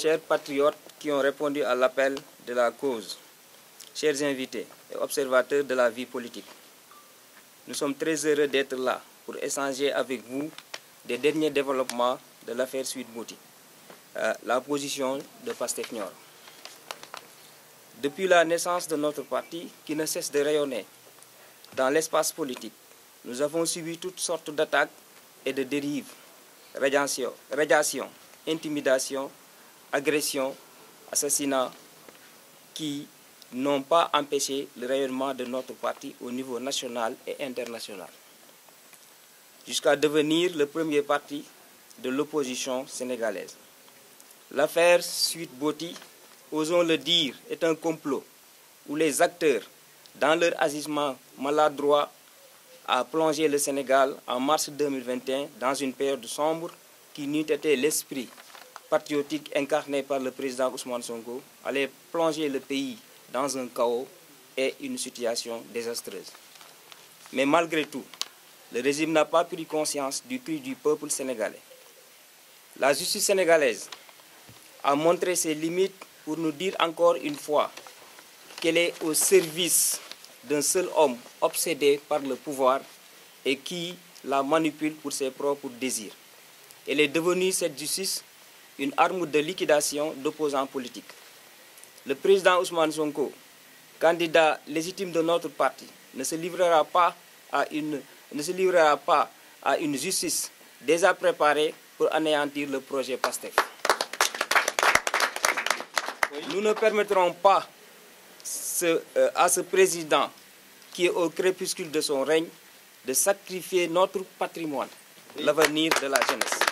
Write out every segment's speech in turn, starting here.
chers patriotes qui ont répondu à l'appel de la cause, chers invités et observateurs de la vie politique, nous sommes très heureux d'être là pour échanger avec vous des derniers développements de l'affaire Suite boutique euh, la position de Pastef Depuis la naissance de notre parti, qui ne cesse de rayonner dans l'espace politique, nous avons subi toutes sortes d'attaques et de dérives, radiation, radiation intimidation, agressions, assassinats qui n'ont pas empêché le rayonnement de notre parti au niveau national et international, jusqu'à devenir le premier parti de l'opposition sénégalaise. L'affaire Suite Boti, osons le dire, est un complot où les acteurs, dans leur agissement maladroit, ont plongé le Sénégal en mars 2021 dans une période sombre qui n'eût été l'esprit patriotique incarnée par le président Ousmane Sonko allait plonger le pays dans un chaos et une situation désastreuse. Mais malgré tout, le régime n'a pas pris conscience du cri du peuple sénégalais. La justice sénégalaise a montré ses limites pour nous dire encore une fois qu'elle est au service d'un seul homme obsédé par le pouvoir et qui la manipule pour ses propres désirs. Elle est devenue cette justice une arme de liquidation d'opposants politiques. Le président Ousmane Sonko, candidat légitime de notre parti, ne se livrera pas à une, justice déjà préparée pour anéantir le projet PASTEF. Nous ne permettrons pas euh, à ce président qui est au crépuscule de son règne de sacrifier notre patrimoine, l'avenir de la jeunesse.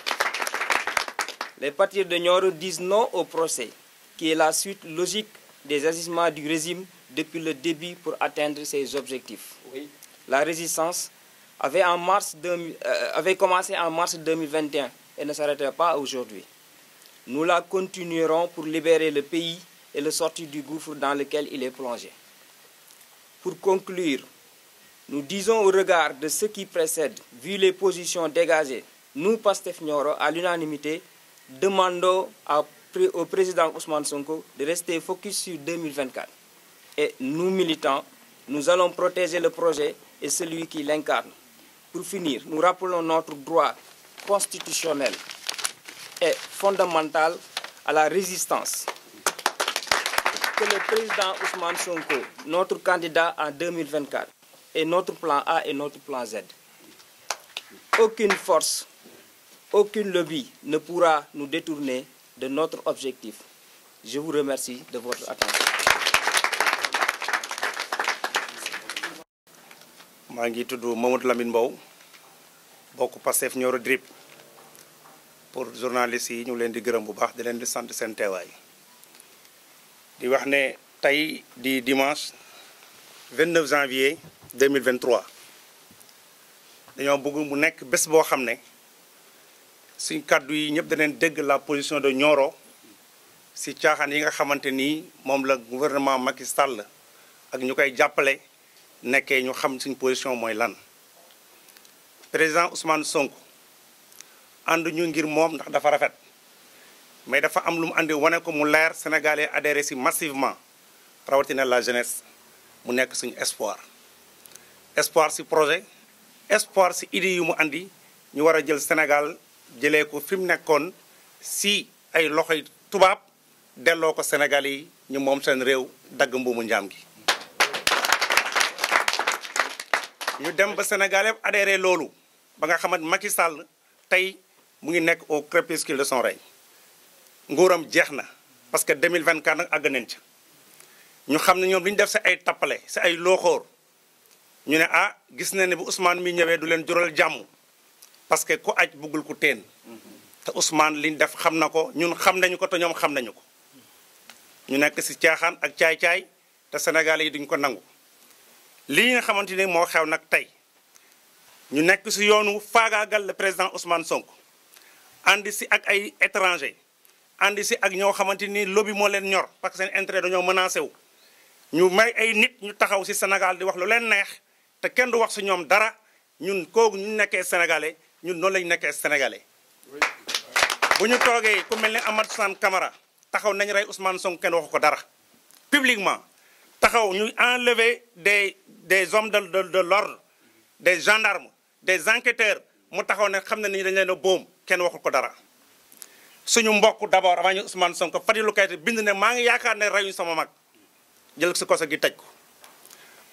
Les partis de Nioro disent non au procès, qui est la suite logique des agissements du régime depuis le début pour atteindre ses objectifs. La résistance avait, en mars euh, avait commencé en mars 2021 et ne s'arrêtera pas aujourd'hui. Nous la continuerons pour libérer le pays et le sortir du gouffre dans lequel il est plongé. Pour conclure, nous disons au regard de ce qui précède, vu les positions dégagées, nous, Pastef Nioro, à l'unanimité, demandons au président Ousmane Sonko de rester focus sur 2024. Et nous, militants, nous allons protéger le projet et celui qui l'incarne. Pour finir, nous rappelons notre droit constitutionnel et fondamental à la résistance que le président Ousmane Sonko, notre candidat en 2024, est notre plan A et notre plan Z. Aucune force aucune lobby ne pourra nous détourner de notre objectif. Je vous remercie de votre attention. Je suis tudd Mamadou Lamine Mbow beaucoup Pastef Nioro DRIP pour journalistes yi ñu leen di de bu baax di leen di sant seen teewaay di wax ne dimanche 29 janvier 2023 dañoo bëgg mu nekk bés boo xam suñ kaddu yi ñëpp daneen dégg la position de ñoro si caaxaan yi nga xamante ni moom la gouvernement Macky Sall ak ñu koy jàppale nekkee ñu xam suñ position mooy lan président Ousmane Sonko ñu ngir moom ndax dafa rafet mais dafa am lu mu àndi wane ko mu leer sénégalais adhéré si massivement rawatina la jeunesse mu nekk suñu espoir espoir si projet espoir si idée yu mu andi ñu war a jël Sénégal jëlee ko fi mu nekkoon si ay loxoy tubaab delloo ko Sénégal yi ñu moom seen réew dagg mbuumu njaam gi ñu dem ba Sénégal yëpp loolu ba nga xamante Macky Sall tey mu ngi nekk au crépuscule de son règne nguuram jeex na parce que 2024 nag àgg nañ ca ñu xam ne ñoom li def si ay tappale si ay looxoor ñu ne ah gis na ne bu Ousmane mi ñëwee du leen jural jàmm parce que ko aj buggul ku teen te Ousmane liñ def xam na ko ñun xam nañu ko te ñoom xam nañu ko ñu nekk si caaxaan ak caay-caay te Sénégalais yi duñ ko nangu lii nga xamante ni moo xew nag tey ñu nekk si yoonu faagaagal le président Ousmane Sonko andi si ak ay étranger andi si ak ñoo xamante ni lobby moo leen ñor parce que seen intérêt dañoo menacé wu ñu may ay nit ñu taxaw si Sénégal di wax lu leen neex te kenn du wax si ñoom dara ñun kooku ñu nekkee sénégalais ñun noonu lañu nekkee sénégalais bu ñu toogee ku mel ne Amadou Sane kamara taxaw nañ rey Ousmane Sonko kenn waxu ko dara publiquement taxaw ñu enlever des des hommes de de de l'ordre des gendarmes des enquêteurs mu taxaw ne xam ne ni dañ leen boom kenn waxu ko dara suñu mbokk d'abord avant ñu Ousmane Sonko Fadilou Keita bind ne maa ngi yaakaar ne reyuñ sama mag jël si kosa gi tëj ko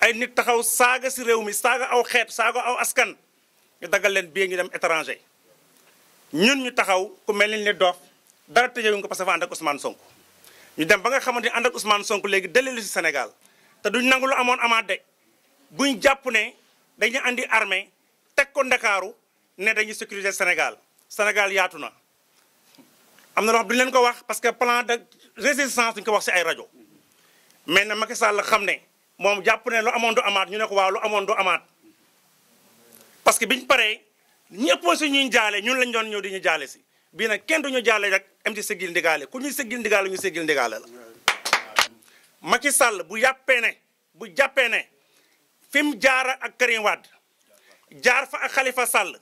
ay nit taxaw saaga si réew mi saaga aw xeet saaga aw askan ñu daggal leen ñu dem étranger ñun ñu taxaw ku mel ni ne doof dara tëjewuñ ko parce que fa ànd ak Ousmane Sonko ñu dem ba nga xamante ni ànd ak Ousmane Sonko léegi dellu si Sénégal te duñ nangu lu amoon amaat de buñ jàpp ne dañu andi armée teg ko Ndakaaru ne dañuy sécuriser Sénégal Sénégal yaatu na. am na loo xam duñ leen ko wax parce que plan de résistance duñ ko wax si ay rajo mais na Macky Sall xam ne moom jàpp ne lu amoon du amaat ñu ne ko waaw lu amoon du amaat. parce que bi ñu paree ñëpp si ñuy jaale ñun lañ doon ñëw di ñu jaale si bii nag kenn du ñu jaale rek am ci séggil ndigaale ku ñuy séggil ndigaale ñu séggil ndigaale la. Macky Sall bu yàppee ne bu jàppee ne fi mu jaar ak Karim jaar fa ak xalifa Sall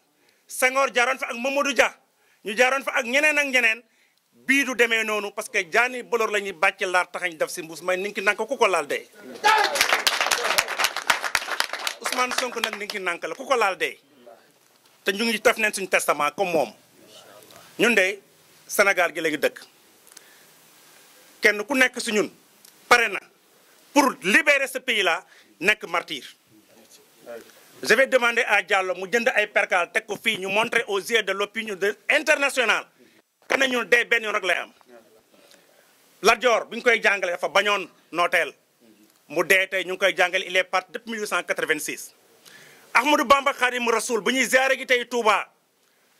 Senghor jaaroon fa ak Mamadou Dia ñu jaaroon fa ak ñeneen ak ñeneen. bii du demee noonu parce que jaani bolor la ñuy bàcc laar taxañ def si mbuus may ni ki nanka ku ko laal dee Ousmane Sonko nag ni ki nànk la ku ko laal de te ñu ngi def neen suñu testament comme moom ñun de Sénégal gi la dëkk kenn ku nekk si ñun pare na pour libérer ce pays là nekk martyr je vais à Diallo mu jënd ay percal teg ko fii ñu montrer au yeux de l'opinion de internationale que ne ñun dee benn yoon lay am Lat Joor bu ñu koy jàngale dafa bañoon nooteel mu dee tey ñu ngi koy jàngale il est parti depuis 1886. Ahmadou Bamba Khadim Rasoul bu ñuy ziare gi tey Touba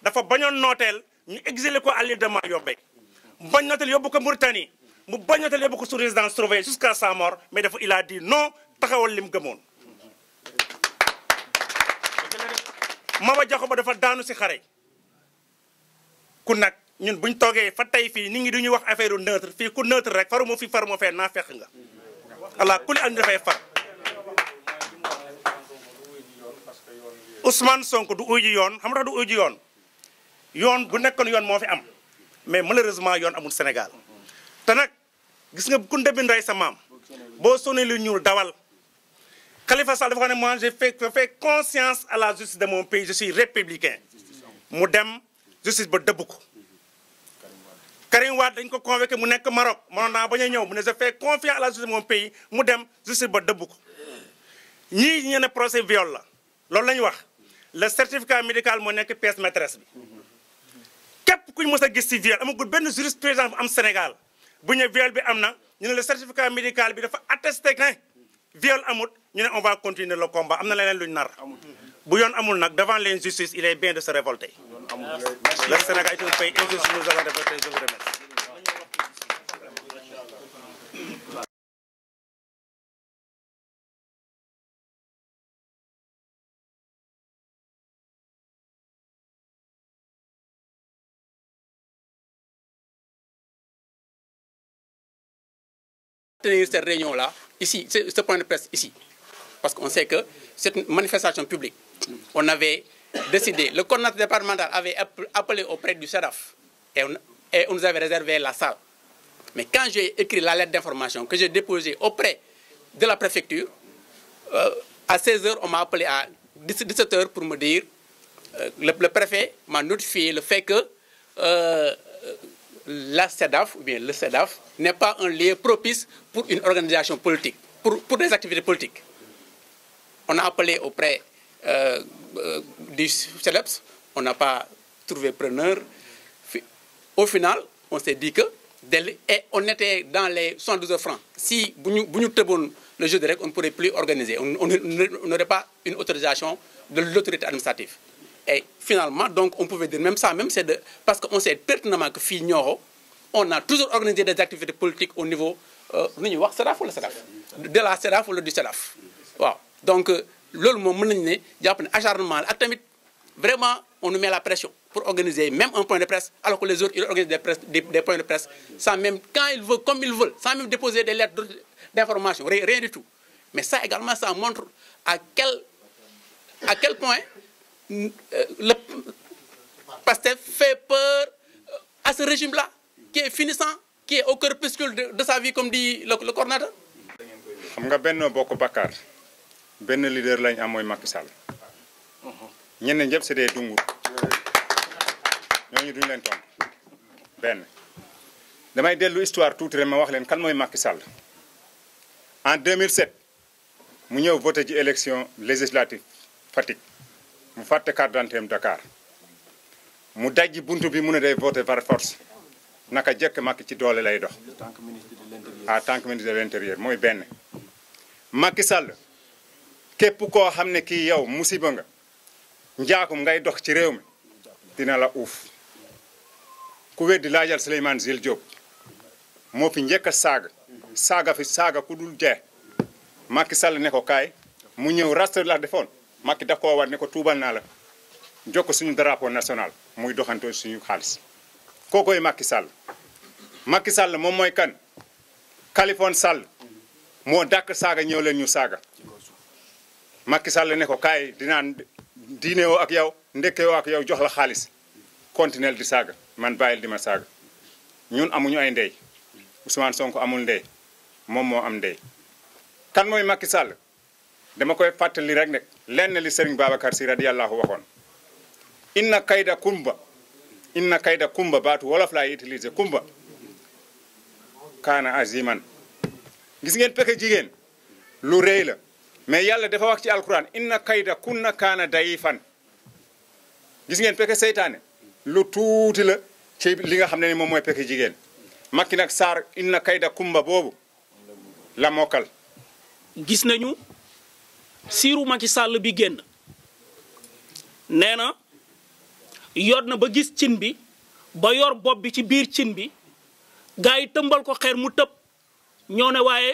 dafa bañoon nooteel ñu exilé ko à l'île de Mayombe bañ nooteel yóbbu ko Mauritanie mu bañ nooteel yóbbu ko sous résidence surveillée jusqu'à sa mort mais dafa il a dit non taxawal lim gëmoon. Maba Jaxu Ba dafa daanu si xare ku nag ñun buñ toogee fa tey fii nit ngi du ñuy wax affaire neutre fii ku neutre rek faru ma fi faru ma fee naa nga. allah kulli ànd dafay far Ousmane Sonko du uy yoon xam nga tax du uy yoon yoon bu nekkoon yoon moo fi am mais malheureusement yoon amul Sénégal te nag gis nga ku ndebbi ndey sa boo sonnee lu ñuul dawal Khalifa Sall dafa xam ne moi j'ai fait fait conscience à la justice de mon pays je républicain mu dem justice ba dëbb ko Karim Wade dañ ko convoqué mu nek Maroc mënoon naa bañ a fait mu ne je fais confiance à la justice de mon pays mu dem justice ba dëbb ko ñii ñu procès viol la loolu lañ wax le certificat médical mo nek pièce maîtresse bi kep kuñ mësa a gis ci viol amagul ben juriste bu am Sénégal bu ñe viol bi amna ñu le certificat médical bi dafa attester que viol amut ñu ne on va continuer le combat amna na leneen luñ nar bu yoon amul nak devant l'injustice il est bien de se révolter le Sénégal cette réunion-là, ici, ce point de presse ici. Parce qu'on sait que cette manifestation publique. On avait décidé, le coordinateur départemental avait appelé auprès du SEDAF et on, nous avait réservé la salle. Mais quand j'ai écrit la lettre d'information que j'ai déposée auprès de la préfecture, euh, à 16h, on m'a appelé à 17h pour me dire, euh, le, préfet m'a notifié le fait que euh, la CEDAF, ou bien le SEDAF n'est pas un lieu propice pour une organisation politique, pour, pour des activités politiques. On a appelé auprès euh, du CELEPS, on n'a pas trouvé preneur. Au final, on s'est dit que on était dans les 112 francs. Si nous Tebon le jeu de règles, on ne pourrait plus organiser. On n'aurait pas une autorisation de l'autorité administrative. Et finalement, donc, on pouvait dire même ça, même c'est parce qu'on sait pertinemment que Fignoro, on a toujours organisé des activités politiques au niveau, euh, de la SERAF ou le du SERAF. Donc, euh, lolu mom y acharnement vraiment on nous met la pression pour organiser même un point de presse alors que les autres ils organisent des, points de presse sans même quand ils veulent comme ils veulent sans même déposer des lettres d'information rien, du tout mais ça également ça montre à quel à quel point euh, le pasteur fait peur euh, à ce régime là qui est finissant qui est au corpuscule de, sa vie comme dit le, le coordinateur ben leader lañ am moy Macky Sall ñeneen ñëpp c'est des dungur ñooñu duñ leen ton ben damay déllu histoire tout rek ma wax leen kan moy Macky Sall en 2007 mu ñëw voter ci élection législative Fatick mu fàtte carte d'identité Dakar mu dajji buntu bi mu ne day voter par force naka jekk Macky ci doole lay dox. en tant que ministre de l'intérieur. en tant que ministre de l'intérieur moy ben Macky Sall képp koo xam ne kii yow musiba nga njaakum ngay dox ci réew mi dina la uuf ku weddi laajal Souleymane zil Diop moo fi njëkk a saaga saaga fi saaga ku dul jeex Macky Sall ne ko kaay mu ñëw raste la defoon Macky da koo war ne ko tuubal naa la jokk suñu drapeau national muy doxantoo suñu xaalis kookoy Macky Sall Macky Sall moom mooy kan Kalifone Sall moo dàkk saaga ñëw leen ñu saaga Macky Sall ne ko kaay dinaan diine woo ak yow ndekke woo ak yow jox la xaalis continuel di saaga man bàyyil di ma saaga ñun amuñu ay ndey Ousmane Sonko amul ndey moom moo am ndey. kan mooy Macky Sall dama koy fàttali rek nag lenn li Serigne Babacar Sy radiyallahu waxoon inna kayda kumba inna kayda kumba baatu wolof laay utiliser kumba kaana aziman gis ngeen pexe jigéen lu rëy la. mais yàlla dafa wax ci alquran inna kayda kunna kaana fan gis ngeen peke seytaane lu tuuti la ci li nga xam ne ni moom mooy peke jigéen makki nag saar inna kayda kumba boobu la mokal gis nañu siiru Macky Sall bi génn nee na yor na ba gis cin bi ba yor bopp bi ci biir cin bi gars tëmbal ko xeer mu tëb ñoo ne waaye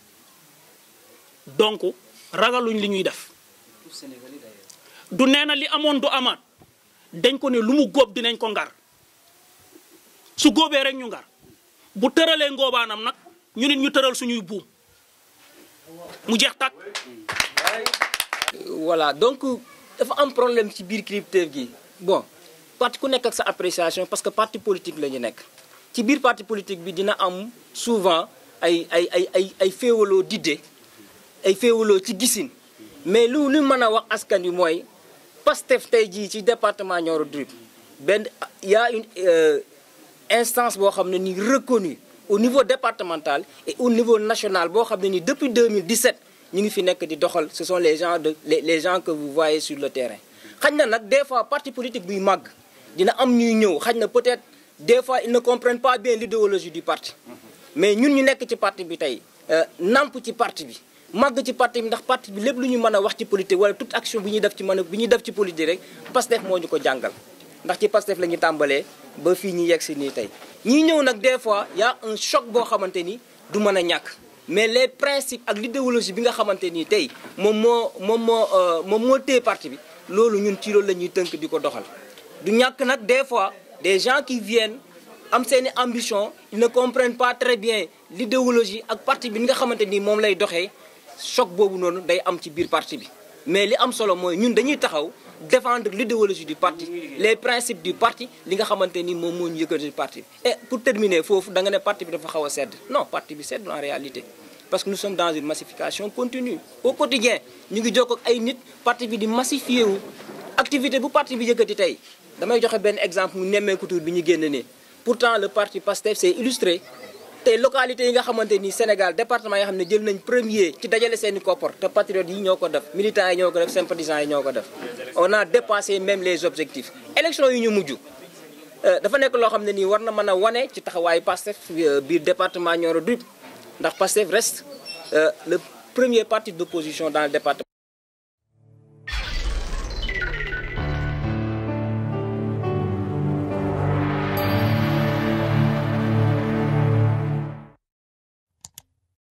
donc ragaluñ li ñuy def du nee na li amoon du amaat dañ ko ne lu mu góob dinañ ko ngar su góobee rek ñu ngar bu tëralee ngóobaanam nag ñu nit ñu tëral suñuy buum mu jeex tàkk voilà donc dafa am problème ci biir crypteur gi bon parti ku nekk ak sa appréciation parce que parti politique la ñu nekk ci biir parti politique bi dina am souvent ay ay ay ay ay féewaloo d'idées ay féewuloo ci gisin mais lu lu mën a wax askan wi mooy Pastef tey jii ci département Nioro drip. Ben benn y a une euh, instance boo xam ne ni reconnue au niveau départemental et au niveau national boo xam ne ni depuis 2017 ñu ngi fi nekk di doxal ce sont les gens de les les gens que vous voyez sur le terrain. xañ na nag des fois parti politique buy màgg dina am ñuy ñëw xañ na peut-être des fois ils ne comprennent pas bien l'idéologie du parti mais ñun ñu nekk ci parti bi tey euh, namp ci parti bi màgg ci parti bi ndax parti bi lepp lu ñu mëna wax ci politique wala toute action bi ñuy def ci mën bi ñuy def ci politique rek Pastef moo ñu ko jangal ndax ci Pastef la ñu tambalé ba fi ñi yegg ci ni tay ñi ñew nak des fois y a un choc bo xamanteni du mëna ñak mais les principes ak l'idéologie bi nga xamanteni tay mom mo mom mo moo moom moo euh, parti bi lolu ñun ci lolu la ñuy tënk di doxal du ñak nak des fois des gens qui viennent am seeni ambition ils ne comprennent pas très bien l'idéologie ak parti bi nga xamanteni mom lay doxé choc un noonu day am ci biir parti bi mais li am solo Nous ñun dañuy taxaw défendre l'idéologie du parti les principes du parti li nga xamanteni ni moom parti et pour terminer il da nga né parti bi dafa de a non parti bi cède en réalité parce que nous sommes dans une massification continue au quotidien nous ngi jokk ak ay nit parti bi di massifié wu activité bu parti bi yëkkati tay damay joxe ben exemple mu némé tur bi ñu génn pourtant le parti Pasteur s'est illustré te localité yi nga xamante ni Sénégal département yi nga xam jël nañ premier ci dajalé seen i koppar te patriotes yi ñoko def militants yi ñoko ko def sympathisants yi ñoko def on a dépassé même les objectifs élection yi ñu euh dafa nek lo xamné ni warna mëna na ci taxawaayu Pastef euh, biir département Nioro du ndax Pastef reste euh, le premier parti d'opposition dans le département